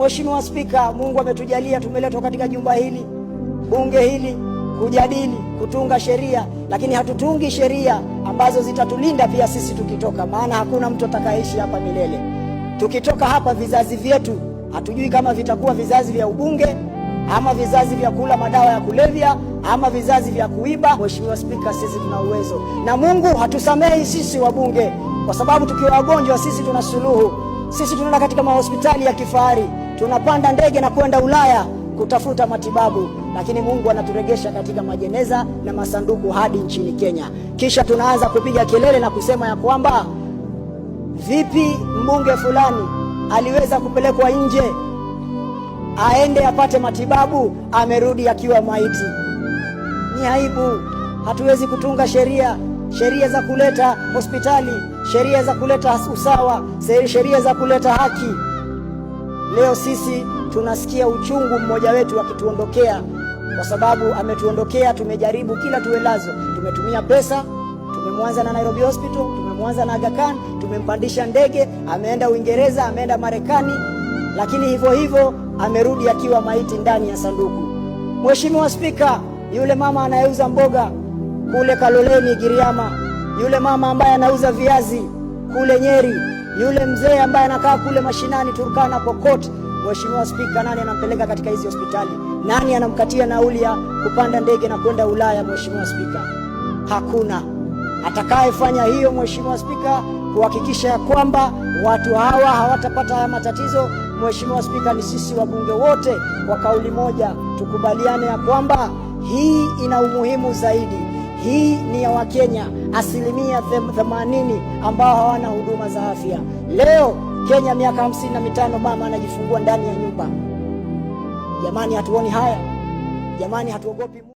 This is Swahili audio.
Mheshimiwa Spika, Mungu ametujalia tumeletwa katika jumba hili, bunge hili kujadili, kutunga sheria, lakini hatutungi sheria ambazo zitatulinda pia sisi tukitoka, maana hakuna mtu atakayeishi hapa milele. Tukitoka hapa, vizazi vyetu hatujui kama vitakuwa vizazi vya ubunge ama vizazi vya kula madawa ya kulevya ama vizazi vya kuiba. Mheshimiwa Spika, sisi tuna uwezo na Mungu hatusamehi sisi wabunge, kwa sababu tukiwa wagonjwa sisi tuna suluhu, sisi tunaenda katika mahospitali ya kifahari tunapanda ndege na kwenda Ulaya kutafuta matibabu, lakini Mungu anaturegesha katika majeneza na masanduku hadi nchini Kenya. Kisha tunaanza kupiga kelele na kusema ya kwamba vipi mbunge fulani aliweza kupelekwa nje aende apate matibabu, amerudi akiwa maiti. Ni aibu. Hatuwezi kutunga sheria, sheria za kuleta hospitali, sheria za kuleta usawa, sheria za kuleta haki Leo sisi tunasikia uchungu mmoja wetu akituondokea, kwa sababu ametuondokea. Tumejaribu kila tuwelazo, tumetumia pesa, tumemwanza na Nairobi Hospital, tumemwanza na Aga Khan, tumempandisha ndege, ameenda Uingereza, ameenda Marekani, lakini hivyo hivyo amerudi akiwa maiti ndani ya sanduku. Mheshimiwa Spika, yule mama anayeuza mboga kule Kaloleni Giriama, yule mama ambaye anauza viazi kule Nyeri yule mzee ambaye anakaa kule mashinani Turkana kokote, Mheshimiwa Spika, nani anampeleka katika hizi hospitali? Nani anamkatia nauli ya kupanda ndege na kwenda Ulaya? Mheshimiwa Spika, hakuna atakayefanya hiyo. Mheshimiwa Spika, kuhakikisha ya kwamba watu hawa hawatapata haya matatizo. Mheshimiwa Spika, ni sisi wabunge wote kwa kauli moja tukubaliane ya kwamba hii ina umuhimu zaidi hii ni ya Wakenya asilimia 80 ambao hawana huduma za afya. Leo Kenya miaka hamsini na mitano mama anajifungua ndani ya nyumba. Jamani, hatuoni haya? Jamani, hatuogopi?